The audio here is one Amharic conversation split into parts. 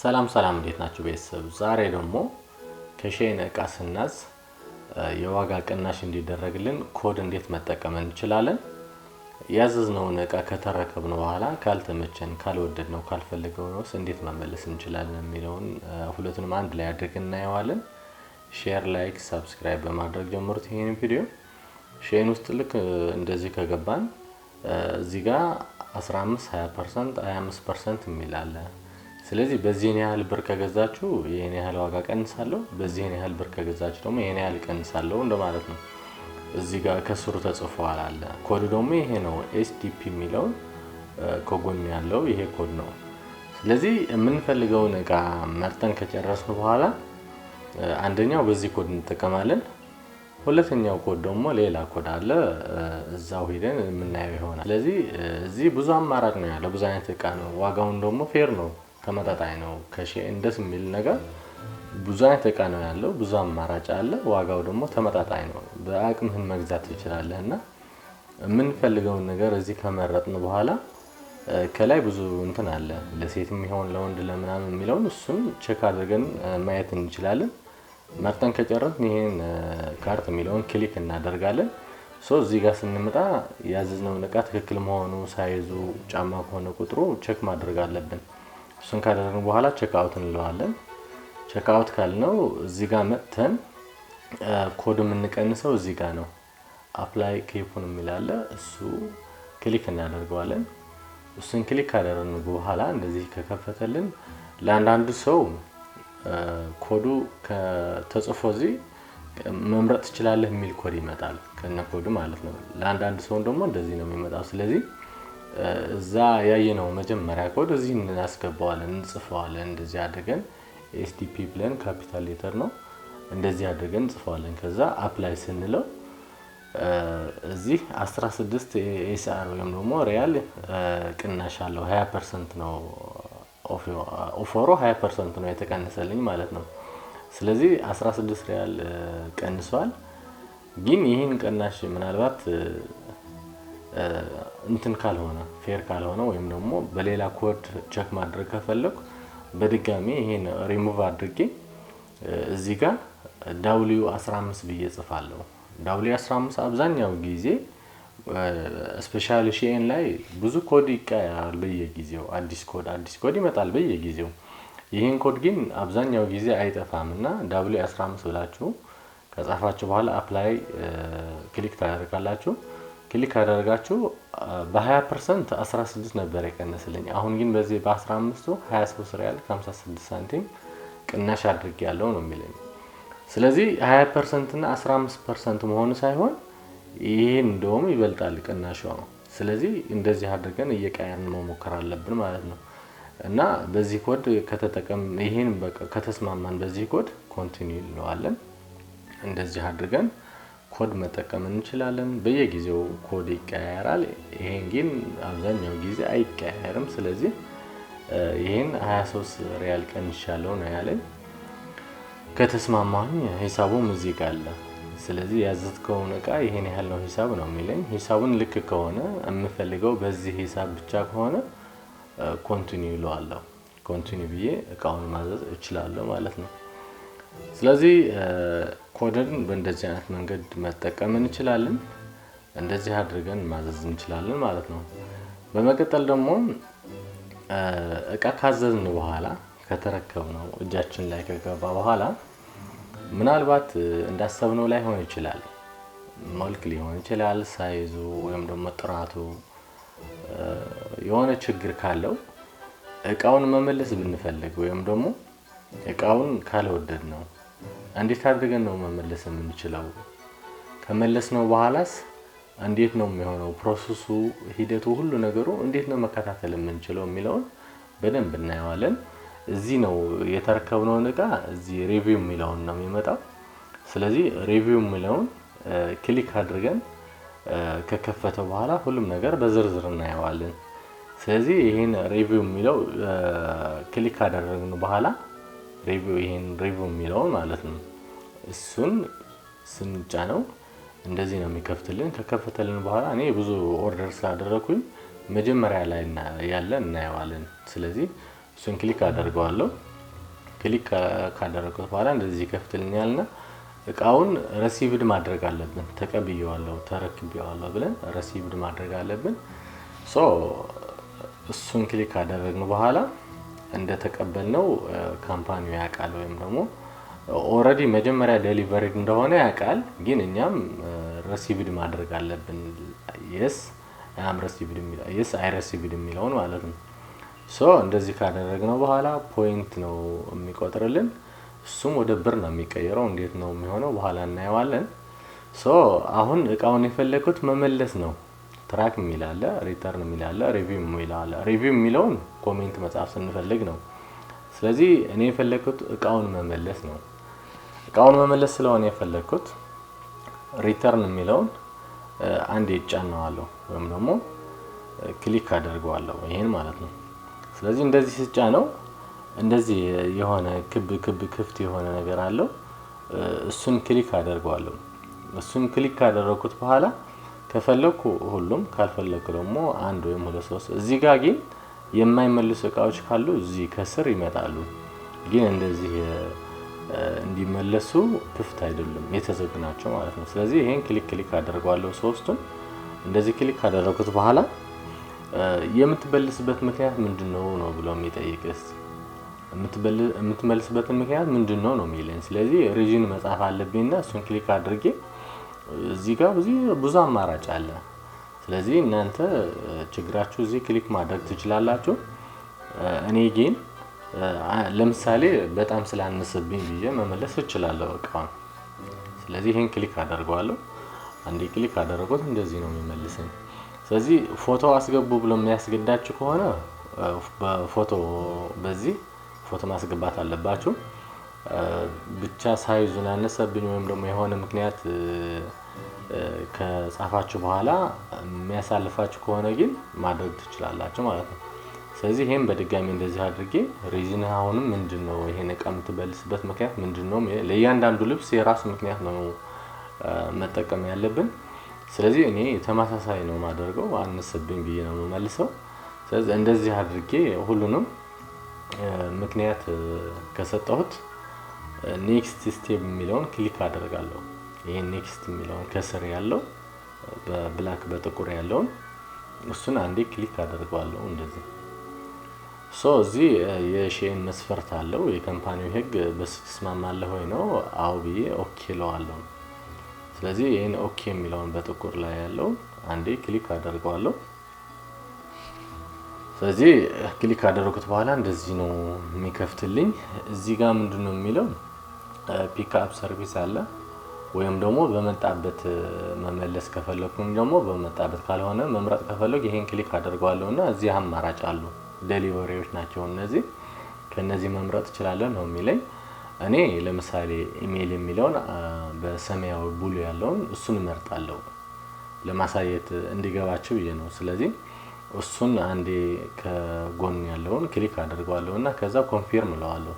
ሰላም ሰላም፣ እንዴት ናቸው ቤተሰብ? ዛሬ ደግሞ ከሼን እቃ ስናዝ የዋጋ ቅናሽ እንዲደረግልን ኮድ እንዴት መጠቀም እንችላለን? ያዘዝነውን እቃ ከተረከብነው በኋላ ካልተመቸን፣ ካልወደድነው፣ ካልፈለግነውስ እንዴት መመለስ እንችላለን የሚለውን ሁለቱንም አንድ ላይ አድርገን እናየዋለን። ሼር፣ ላይክ፣ ሰብስክራይብ በማድረግ ጀምሩት ይህን ቪዲዮ። ሼን ውስጥ ልክ እንደዚህ ከገባን እዚህ ጋር 15 20 25 የሚል አለ ስለዚህ በዚህን ያህል ብር ከገዛችሁ ይህን ያህል ዋጋ ቀንሳለሁ፣ በዚህን ያህል ብር ከገዛችሁ ደግሞ ይህን ያህል ቀንሳለሁ እንደማለት ነው። እዚህ ጋር ከስሩ ተጽፏል አለ። ኮድ ደግሞ ይሄ ነው። ኤስዲፒ የሚለው ከጎን ያለው ይሄ ኮድ ነው። ስለዚህ የምንፈልገውን እቃ መርጠን ከጨረስን በኋላ አንደኛው በዚህ ኮድ እንጠቀማለን። ሁለተኛው ኮድ ደግሞ ሌላ ኮድ አለ፣ እዛው ሄደን የምናየው ይሆናል። ስለዚህ እዚህ ብዙ አማራጭ ነው ያለ፣ ብዙ አይነት እቃ ነው። ዋጋውን ደግሞ ፌር ነው ተመጣጣኝ ነው ከሺ እንደስ የሚል ነገር ብዙ አይነት እቃ ነው ያለው፣ ብዙ አማራጭ አለ። ዋጋው ደግሞ ተመጣጣኝ ነው። በአቅምህን መግዛት ትችላለህ እና የምንፈልገውን ነገር እዚህ ከመረጥን በኋላ ከላይ ብዙ እንትን አለ ለሴት የሚሆን ለወንድ ለምናምን የሚለውን እሱን ቼክ አድርገን ማየት እንችላለን። መርጠን ከጨረስን ይህን ካርት የሚለውን ክሊክ እናደርጋለን። ሶ እዚህ ጋር ስንመጣ ያዘዝነውን እቃ ትክክል መሆኑ ሳይዙ ጫማ ከሆነ ቁጥሩ ቼክ ማድረግ አለብን። እሱን ካደረግን በኋላ ቼክ አውት እንለዋለን። ቼክ አውት ካልነው እዚህ ጋር መጥተን ኮድ የምንቀንሰው እዚህ ጋር ነው። አፕላይ ኬፑን የሚላለ እሱ ክሊክ እናደርገዋለን። እሱን ክሊክ ካደረግን በኋላ እንደዚህ ከከፈተልን ለአንዳንዱ ሰው ኮዱ ተጽፎ እዚህ መምረጥ ትችላለህ የሚል ኮድ ይመጣል ከነ ኮዱ ማለት ነው። ለአንዳንድ ሰውን ደግሞ እንደዚህ ነው የሚመጣው። ስለዚህ እዛ ያየነው መጀመሪያ ኮድ እዚህ እናስገባዋለን፣ እንጽፈዋለን። እንደዚህ አድርገን ኤስቲፒ ብለን ካፒታል ሌተር ነው እንደዚህ አድርገን እንጽፈዋለን። ከዛ አፕላይ ስንለው እዚህ 16 ኤስአር ወይም ደግሞ ሪያል ቅናሽ አለው። 20 ፐርሰንት ነው ኦፈሮ 20 ፐርሰንት ነው የተቀነሰልኝ ማለት ነው። ስለዚህ 16 ሪያል ቀንሷል። ግን ይህን ቅናሽ ምናልባት እንትን ካልሆነ ፌር ካልሆነ ወይም ደግሞ በሌላ ኮድ ቸክ ማድረግ ከፈለኩ በድጋሚ ይሄን ሪሙቭ አድርጌ እዚህ ጋር ዳብሊዩ 15 ብዬ ጽፋለሁ። ዳብሊዩ 15 አብዛኛው ጊዜ ስፔሻል ሺኤን ላይ ብዙ ኮድ ይቀያል በየጊዜው አዲስ ኮድ አዲስ ኮድ ይመጣል በየጊዜው። ይህን ኮድ ግን አብዛኛው ጊዜ አይጠፋም እና ዳብሊዩ 15 ብላችሁ ከጻፋችሁ በኋላ አፕላይ ክሊክ ታደርጋላችሁ። ክሊክ አደረጋችሁ በ20 ፐርሰንት 16 ነበር የቀነስልኝ። አሁን ግን በዚህ በ15ቱ 23 ሪያል 56 ሳንቲም ቅናሽ አድርግ ያለው ነው የሚለኝ። ስለዚህ 20 ፐርሰንት እና 15 ፐርሰንት መሆኑ ሳይሆን ይሄ እንደውም ይበልጣል ቅናሽ ነው። ስለዚህ እንደዚህ አድርገን እየቀየርን መሞከር አለብን ማለት ነው እና በዚህ ኮድ ከተጠቀም ይህን ከተስማማን በዚህ ኮድ ኮንቲኒ እንለዋለን እንደዚህ አድርገን ኮድ መጠቀም እንችላለን። በየጊዜው ኮድ ይቀያየራል። ይሄን ግን አብዛኛው ጊዜ አይቀያየርም። ስለዚህ ይህን 23 ሪያል ቀንሻለሁ ነው ያለኝ። ከተስማማኝ ሂሳቡ ሙዚቃ አለ። ስለዚህ ያዘዝከውን እቃ ይሄን ያህል ነው ሂሳብ ነው የሚለኝ። ሂሳቡን ልክ ከሆነ የምፈልገው በዚህ ሂሳብ ብቻ ከሆነ ኮንቲኒ ይለዋለሁ። ኮንቲኒ ብዬ እቃውን ማዘዝ እችላለሁ ማለት ነው። ስለዚህ ኮድን በእንደዚህ አይነት መንገድ መጠቀም እንችላለን። እንደዚህ አድርገን ማዘዝ እንችላለን ማለት ነው። በመቀጠል ደግሞ እቃ ካዘዝን በኋላ ከተረከብ ነው እጃችን ላይ ከገባ በኋላ ምናልባት እንዳሰብነው ላይሆን ይችላል። መልክ ሊሆን ይችላል፣ ሳይዙ ወይም ደግሞ ጥራቱ የሆነ ችግር ካለው እቃውን መመለስ ብንፈልግ ወይም ደግሞ እቃውን ካልወደድ ነው እንዴት አድርገን ነው መመለስ የምንችለው? ከመለስ ነው በኋላስ እንዴት ነው የሚሆነው? ፕሮሰሱ፣ ሂደቱ፣ ሁሉ ነገሩ እንዴት ነው መከታተል የምንችለው የሚለውን በደንብ እናየዋለን። እዚህ ነው የተረከብነውን እቃ እዚህ ሪቪው የሚለውን ነው የሚመጣው። ስለዚህ ሪቪው የሚለውን ክሊክ አድርገን ከከፈተው በኋላ ሁሉም ነገር በዝርዝር እናየዋለን። ስለዚህ ይህን ሪቪው የሚለው ክሊክ ካደረግን በኋላ ሪቪው ይሄን ሪቪው የሚለው ማለት ነው። እሱን ነው እንደዚህ ነው የሚከፍትልን። ከከፈተልን በኋላ እኔ ብዙ ኦርደር ስላደረኩኝ መጀመሪያ ላይ ያለ እናየዋለን። ስለዚህ እሱን ክሊክ አደርገዋለሁ። ክሊክ ካደረግኩት በኋላ እንደዚህ ይከፍትልኛል እና እቃውን ረሲቭድ ማድረግ አለብን። ተቀብየዋለሁ፣ ተረክቤዋለሁ ብለን ረሲቭድ ማድረግ አለብን። ሶ እሱን ክሊክ ካደረግን በኋላ እንደተቀበልነው ካምፓኒው ያውቃል ወይም ደግሞ ኦረዲ መጀመሪያ ደሊቨሪድ እንደሆነ ያውቃል። ግን እኛም ረሲቪድ ማድረግ አለብን። የስ ም ረሲቪድ የሚለው የስ አይ ረሲቪድ የሚለውን ማለት ነው። ሶ እንደዚህ ካደረግነው በኋላ ፖይንት ነው የሚቆጥርልን። እሱም ወደ ብር ነው የሚቀየረው። እንዴት ነው የሚሆነው በኋላ እናየዋለን። ሶ አሁን እቃውን የፈለግኩት መመለስ ነው። ትራክ የሚል አለ፣ ሪተርን የሚል አለ፣ ሪቪው የሚል አለ። ሪቪው የሚለውን ኮሜንት መጻፍ ስንፈልግ ነው። ስለዚህ እኔ የፈለግኩት እቃውን መመለስ ነው። እቃውን መመለስ ስለሆነ የፈለግኩት ሪተርን የሚለውን አንድ ይጫነዋለሁ ወይም ደግሞ ክሊክ አደርገዋለሁ ይሄን ማለት ነው። ስለዚህ እንደዚህ ስጫ ነው እንደዚህ የሆነ ክብ ክብ ክፍት የሆነ ነገር አለው። እሱን ክሊክ አደርገዋለሁ። እሱን ክሊክ ካደረኩት በኋላ ከፈለኩ ሁሉም ካልፈለኩ ደግሞ አንድ ወይም ሁለት ሶስት። እዚህ ጋር ግን የማይመልሱ እቃዎች ካሉ እዚህ ከስር ይመጣሉ። ግን እንደዚህ እንዲመለሱ ክፍት አይደሉም፣ የተዘጉ ናቸው ማለት ነው። ስለዚህ ይሄን ክሊክ ክሊክ አደርገዋለሁ። ሶስቱን እንደዚህ ክሊክ ካደረጉት በኋላ የምትመልስበት ምክንያት ምንድን ነው ነው ብሎ የሚጠይቅስ የምትመልስበትን ምክንያት ምንድን ነው ነው የሚለኝ። ስለዚህ ሪዥን መጻፍ አለብኝና እሱን ክሊክ አድርጌ እዚህ ጋር ብዙ ብዙ አማራጭ አለ። ስለዚህ እናንተ ችግራችሁ እዚህ ክሊክ ማድረግ ትችላላችሁ። እኔ ግን ለምሳሌ በጣም ስላነሰብኝ ብዬ መመለስ እችላለሁ እቃውን። ስለዚህ ይህን ክሊክ አደርገዋለሁ። አንዴ ክሊክ አደረጉት፣ እንደዚህ ነው የሚመልስን። ስለዚህ ፎቶ አስገቡ ብሎ የሚያስገዳችሁ ከሆነ በፎቶ በዚህ ፎቶ ማስገባት አለባችሁ። ብቻ ሳይዙን ያነሰብኝ ወይም ደግሞ የሆነ ምክንያት ከጻፋችሁ በኋላ የሚያሳልፋችሁ ከሆነ ግን ማድረግ ትችላላችሁ ማለት ነው። ስለዚህ ይህም በድጋሚ እንደዚህ አድርጌ ሪዝን አሁንም ምንድን ነው ይሄን እቃ የምትበልስበት ምክንያት ምንድን ነው? ለእያንዳንዱ ልብስ የራሱ ምክንያት ነው መጠቀም ያለብን። ስለዚህ እኔ ተመሳሳይ ነው ማደርገው፣ አነሰብኝ ብዬ ነው የምመልሰው። ስለዚህ እንደዚህ አድርጌ ሁሉንም ምክንያት ከሰጠሁት ኔክስት ስቴፕ የሚለውን ክሊክ አደርጋለሁ። ይሄ ኔክስት የሚለውን ከስር ያለው በብላክ በጥቁር ያለውን እሱን አንዴ ክሊክ አደርገዋለሁ። እንደዚህ ሶ እዚህ የሼን መስፈርት አለው። የካምፓኒው ህግ በሱ ትስማማለህ ወይ ነው። አው ብዬ ኦኬ እለዋለሁ። ስለዚህ ይህን ኦኬ የሚለውን በጥቁር ላይ ያለው አንዴ ክሊክ አደርገዋለሁ። ስለዚህ ክሊክ ካደረጉት በኋላ እንደዚህ ነው የሚከፍትልኝ። እዚህ ጋር ምንድን ነው የሚለው ፒክአፕ ሰርቪስ አለ። ወይም ደግሞ በመጣበት መመለስ ከፈለኩም ደግሞ በመጣበት ካልሆነ መምረጥ ከፈለግ ይህን ክሊክ አደርገዋለሁ እና እዚህ አማራጭ አሉ። ደሊቨሪዎች ናቸው እነዚህ። ከእነዚህ መምረጥ ትችላለህ ነው የሚለኝ። እኔ ለምሳሌ ኢሜይል የሚለውን በሰማያዊ ቡሉ ያለውን እሱን እመርጣለሁ ለማሳየት እንዲገባቸው ብዬ ነው። ስለዚህ እሱን አንዴ ከጎን ያለውን ክሊክ አደርገዋለሁ እና ከዛ ኮንፊርም እለዋለሁ።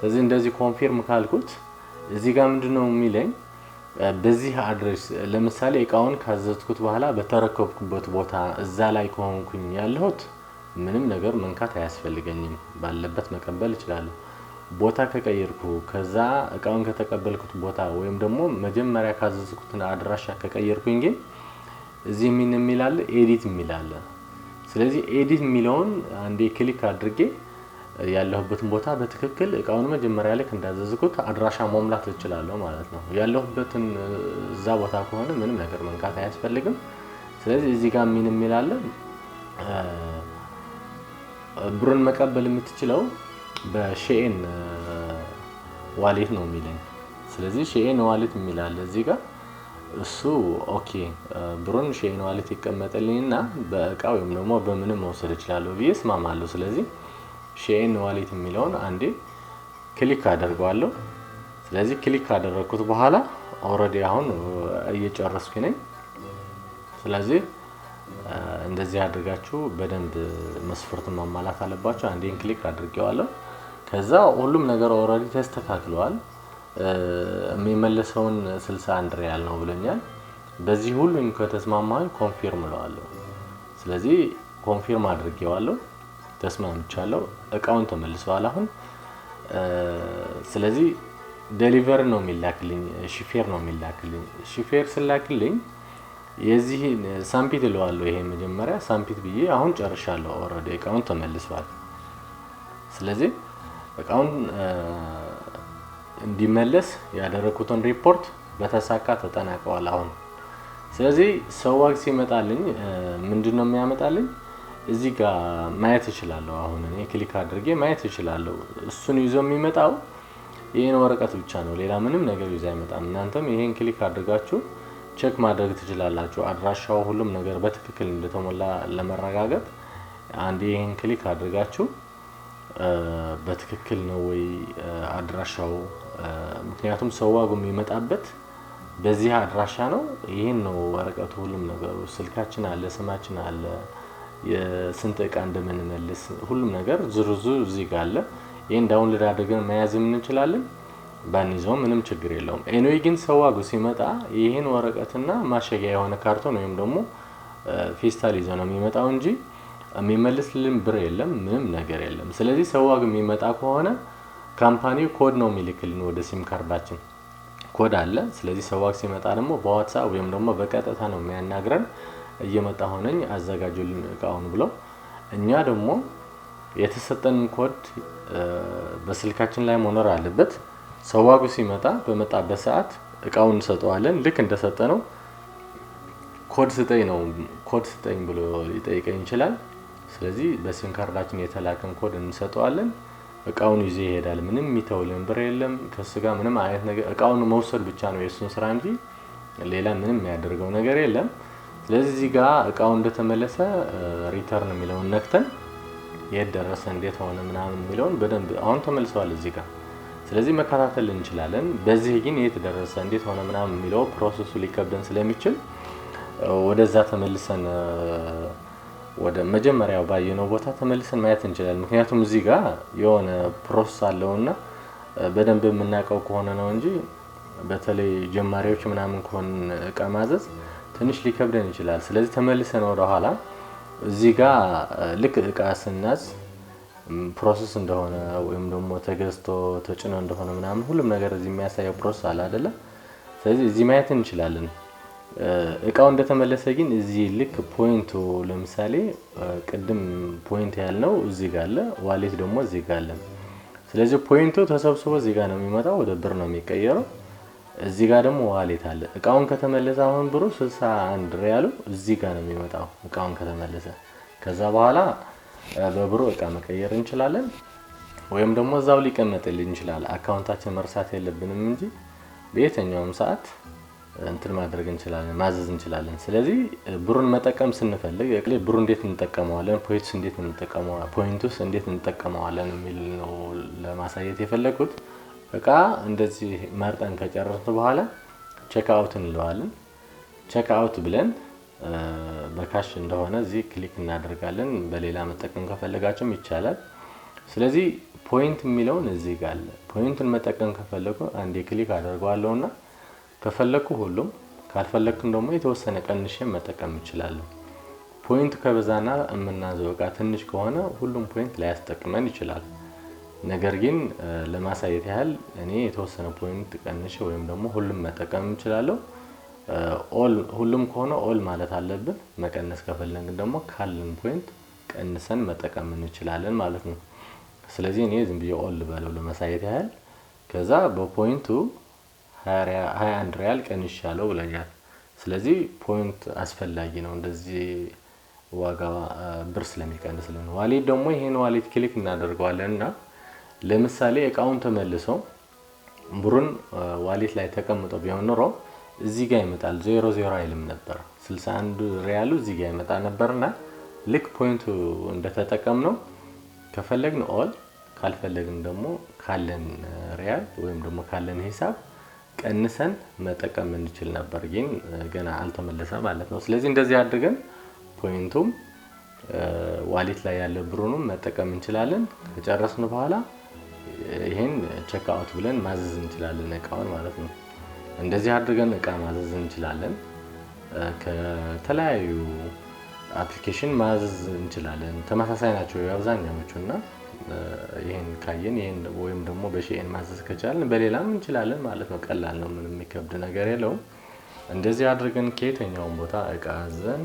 ስለዚህ እንደዚህ ኮንፊርም ካልኩት እዚህ ጋር ምንድን ነው የሚለኝ በዚህ አድሬስ ለምሳሌ እቃውን ካዘዝኩት በኋላ በተረከብኩበት ቦታ እዛ ላይ ከሆንኩኝ ያለሁት ምንም ነገር መንካት አያስፈልገኝም፣ ባለበት መቀበል እችላለሁ። ቦታ ከቀየርኩ ከዛ እቃውን ከተቀበልኩት ቦታ ወይም ደግሞ መጀመሪያ ካዘዝኩትን አድራሻ ከቀየርኩኝ ግን እዚህ ምን የሚላለ ኤዲት የሚላለ። ስለዚህ ኤዲት የሚለውን አንዴ ክሊክ አድርጌ ያለሁበትን ቦታ በትክክል እቃውን መጀመሪያ ላይ እንዳዘዝኩት አድራሻ መሙላት እችላለሁ ማለት ነው። ያለሁበትን እዛ ቦታ ከሆነ ምንም ነገር መንካት አያስፈልግም። ስለዚህ እዚህ ጋር ምን የሚላለ ብሩን መቀበል የምትችለው በሼኤን ዋሌት ነው የሚለኝ። ስለዚህ ሼኤን ዋሌት የሚላለ እዚህ ጋር እሱ ኦኬ ብሩን ሼኤን ዋሌት ይቀመጠልኝና በእቃ ወይም ደግሞ በምንም መውሰድ እችላለሁ ብዬ እስማማለሁ። ስለዚህ ሼን ዋሌት የሚለውን አንዴ ክሊክ አደርገዋለሁ። ስለዚህ ክሊክ ካደረግኩት በኋላ ኦልሬዲ አሁን እየጨረስኩ ነኝ። ስለዚህ እንደዚህ አድርጋችሁ በደንብ መስፈርቱን ማሟላት አለባቸው። አንዴን ክሊክ አድርጌዋለሁ። ከዛ ሁሉም ነገር ኦልሬዲ ተስተካክለዋል። የሚመለሰውን 61 ሪያል ነው ብሎኛል። በዚህ ሁሉም ከተስማማኝ ኮንፊርም እለዋለሁ። ስለዚህ ኮንፊርም አድርጌዋለሁ። ተስማምቻለሁ። እቃውን ተመልሰዋል አሁን። ስለዚህ ዴሊቨር ነው የሚላክልኝ፣ ሺፌር ነው የሚላክልኝ። ሺፌር ስላክልኝ የዚህን ሳምፒት እለዋለሁ። ይሄ መጀመሪያ ሳምፒት ብዬ አሁን ጨርሻለሁ። ኦልሬዲ እቃውን ተመልሷል። ስለዚህ እቃውን እንዲመለስ ያደረኩትን ሪፖርት በተሳካ ተጠናቀዋል አሁን። ስለዚህ ሰዋግ ሲመጣልኝ ምንድን ነው የሚያመጣልኝ? እዚህ ጋር ማየት እችላለሁ። አሁን እኔ ክሊክ አድርጌ ማየት እችላለሁ። እሱን ይዞ የሚመጣው ይህን ወረቀት ብቻ ነው። ሌላ ምንም ነገር ይዞ አይመጣም። እናንተም ይሄን ክሊክ አድርጋችሁ ቼክ ማድረግ ትችላላችሁ። አድራሻው፣ ሁሉም ነገር በትክክል እንደተሞላ ለመረጋገጥ አንድ ይህን ክሊክ አድርጋችሁ በትክክል ነው ወይ አድራሻው። ምክንያቱም ሰዋጉ የሚመጣበት በዚህ አድራሻ ነው። ይህን ነው ወረቀቱ፣ ሁሉም ነገሩ፣ ስልካችን አለ፣ ስማችን አለ የስንት እቃ እንደምንመልስ ሁሉም ነገር ዝርዙ እዚህ ጋር አለ። ይህን ዳውንሎድ አድርገን መያዝ እንችላለን። ባንይዘው ምንም ችግር የለውም። ኤኒዌይ ግን ሰዋጉ ሲመጣ ይህን ወረቀትና ማሸጊያ የሆነ ካርቶን ወይም ደግሞ ፌስታል ይዞ ነው የሚመጣው እንጂ የሚመልስልን ብር የለም፣ ምንም ነገር የለም። ስለዚህ ሰዋግ የሚመጣ ከሆነ ካምፓኒው ኮድ ነው የሚልክልን ወደ ሲም ካርዳችን ኮድ አለ። ስለዚህ ሰዋግ ሲመጣ ደግሞ በዋትሳፕ ወይም ደግሞ በቀጥታ ነው የሚያናግረን። እየመጣ ሆነኝ አዘጋጁልን እቃውን ብለው እኛ ደግሞ የተሰጠን ኮድ በስልካችን ላይ መኖር አለበት። ሰዋጉ ሲመጣ በመጣበት ሰዓት እቃውን እንሰጠዋለን። ልክ እንደሰጠ ነው ኮድ ስጠኝ ነው ኮድ ስጠኝ ብሎ ሊጠይቀኝ ይችላል። ስለዚህ በሲም ካርዳችን የተላከን ኮድ እንሰጠዋለን። እቃውን ይዞ ይሄዳል። ምንም የሚተውልን ብር የለም ከሱ ጋር ምንም አይነት ነገር እቃውን መውሰድ ብቻ ነው የእሱን ስራ እንጂ ሌላ ምንም የሚያደርገው ነገር የለም። ስለዚህ እዚህ ጋር እቃው እንደተመለሰ ሪተርን የሚለውን ነክተን የት ደረሰ እንዴት ሆነ ምናምን የሚለውን በደንብ አሁን ተመልሰዋል እዚህ ጋር። ስለዚህ መከታተል እንችላለን። በዚህ ግን የት ደረሰ እንዴት ሆነ ምናምን የሚለው ፕሮሰሱ ሊከብደን ስለሚችል ወደዛ ተመልሰን ወደ መጀመሪያው ባየነው ቦታ ተመልሰን ማየት እንችላለን። ምክንያቱም እዚህ ጋር የሆነ ፕሮሰስ አለውና በደንብ የምናውቀው ከሆነ ነው እንጂ በተለይ ጀማሪዎች ምናምን ከሆን እቃ ማዘዝ ትንሽ ሊከብደን ይችላል። ስለዚህ ተመልሰን ወደኋላ እዚህ ጋ ልክ እቃ ስናዝ ፕሮሰስ እንደሆነ ወይም ደግሞ ተገዝቶ ተጭኖ እንደሆነ ምናምን ሁሉም ነገር እዚህ የሚያሳየው ፕሮሰስ አለ አይደለ? ስለዚህ እዚህ ማየት እንችላለን። እቃው እንደተመለሰ ግን እዚህ ልክ ፖይንቱ ለምሳሌ ቅድም ፖይንት ያልነው እዚህ ጋ አለ፣ ዋሌት ደግሞ እዚህ ጋ አለ። ስለዚህ ፖይንቱ ተሰብስቦ እዚህ ጋ ነው የሚመጣው፣ ወደ ብር ነው የሚቀየረው። እዚህ ጋር ደግሞ ዋሌት አለ። እቃውን ከተመለሰ አሁን ብሩ 61 ሪያሉ እዚህ ጋር ነው የሚመጣው እቃውን ከተመለሰ። ከዛ በኋላ በብሩ እቃ መቀየር እንችላለን፣ ወይም ደግሞ እዛው ሊቀመጥል እንችላል። አካውንታችን መርሳት የለብንም እንጂ በየትኛውም ሰዓት እንትን ማድረግ እንችላለን፣ ማዘዝ እንችላለን። ስለዚህ ብሩን መጠቀም ስንፈልግ ብሩ እንዴት እንጠቀመዋለን፣ ፖይንቱስ እንዴት እንጠቀመዋለን የሚል ነው ለማሳየት የፈለግኩት። እቃ እንደዚህ መርጠን ከጨረስን በኋላ ቼክ አውት እንለዋለን። ቼክ አውት ብለን በካሽ እንደሆነ እዚህ ክሊክ እናደርጋለን። በሌላ መጠቀም ከፈለጋችሁም ይቻላል። ስለዚህ ፖይንት የሚለውን እዚህ ጋር አለ። ፖይንቱን መጠቀም ከፈለኩ አንዴ ክሊክ አደርገዋለሁ እና ከፈለኩ ሁሉም ካልፈለግኩም ደግሞ የተወሰነ ቀንሼ መጠቀም እችላለሁ። ፖይንት ከበዛና የምናዘው እቃ ትንሽ ከሆነ ሁሉም ፖይንት ላያስጠቅመን ይችላል። ነገር ግን ለማሳየት ያህል እኔ የተወሰነ ፖይንት ቀንሼ ወይም ደግሞ ሁሉም መጠቀም እንችላለሁ። ሁሉም ከሆነ ኦል ማለት አለብን። መቀነስ ከፈለግን ደግሞ ካለን ፖይንት ቀንሰን መጠቀም እንችላለን ማለት ነው። ስለዚህ እኔ ዝም ብዬ ኦል በለው ለማሳየት ያህል ከዛ በፖይንቱ 21 ሪያል ያለው ብለኛል። ስለዚህ ፖይንት አስፈላጊ ነው እንደዚህ ዋጋ ብር ስለሚቀንስልን። ዋሌት ደግሞ ይሄን ዋሌት ክሊክ እናደርገዋለን እና ለምሳሌ እቃውን ተመልሰው ብሩን ዋሌት ላይ ተቀምጦ ቢሆን ኖሮ እዚህ ጋር ይመጣል። ዜሮ ዜሮ አይልም ነበር። 61 ሪያሉ እዚህ ጋር ይመጣ ነበርና ልክ ፖይንቱ ነው ከፈለግን ኦል ካልፈለግን ደግሞ ካለን ሪያል ወይም ደግሞ ካለን ሂሳብ ቀንሰን መጠቀም እንችል ነበር፣ ግን ገና አልተመለሰ ማለት ነው። ስለዚህ እንደዚህ አድርገን ፖይንቱም ዋሌት ላይ ያለ ብሩንም መጠቀም እንችላለን። ከጨረስን በኋላ ይሄን ቼክ አውት ብለን ማዘዝ እንችላለን እቃውን ማለት ነው። እንደዚህ አድርገን እቃ ማዘዝ እንችላለን። ከተለያዩ አፕሊኬሽን ማዘዝ እንችላለን። ተመሳሳይ ናቸው የአብዛኛዎቹ እና ይህን ካየን ይህን ወይም ደግሞ በሼን ማዘዝ ከቻለን በሌላም እንችላለን ማለት ነው። ቀላል ነው። ምንም የሚከብድ ነገር የለውም። እንደዚህ አድርገን ከየተኛውን ቦታ እቃ አዘን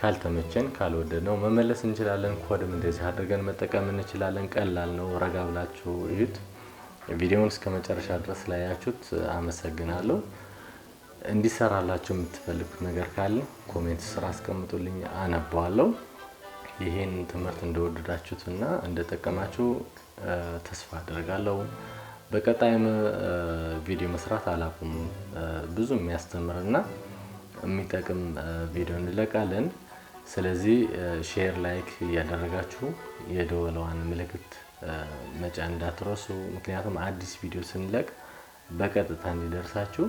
ካልተመቸን ካልወደድነው መመለስ እንችላለን። ኮድም እንደዚህ አድርገን መጠቀም እንችላለን። ቀላል ነው። ረጋ ብላችሁ እዩት። ቪዲዮውን እስከ መጨረሻ ድረስ ላያችሁት አመሰግናለሁ። እንዲሰራላችሁ የምትፈልጉት ነገር ካለ ኮሜንት ስራ አስቀምጡልኝ፣ አነባዋለሁ። ይህን ትምህርት እንደወደዳችሁት እና እንደጠቀማችሁ ተስፋ አደርጋለሁ። በቀጣይም ቪዲዮ መስራት አላቁም። ብዙ የሚያስተምርና የሚጠቅም ቪዲዮ እንለቃለን። ስለዚህ ሼር፣ ላይክ እያደረጋችሁ የደወለዋን ምልክት መጫን እንዳትረሱ። ምክንያቱም አዲስ ቪዲዮ ስንለቅ በቀጥታ እንዲደርሳችሁ